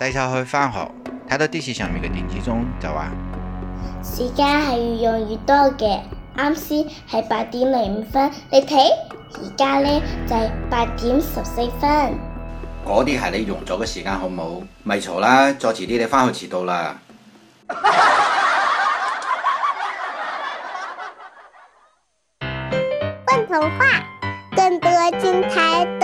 細細去翻學，睇到電視上面嘅電子鐘就話：時間係越用越多嘅，啱先係八點零五分，你睇而家呢就係、是、八點十四分。嗰啲係你用咗嘅時間，好唔好？咪嘈啦，再遲啲你翻去遲到啦。混童 話，更多精彩。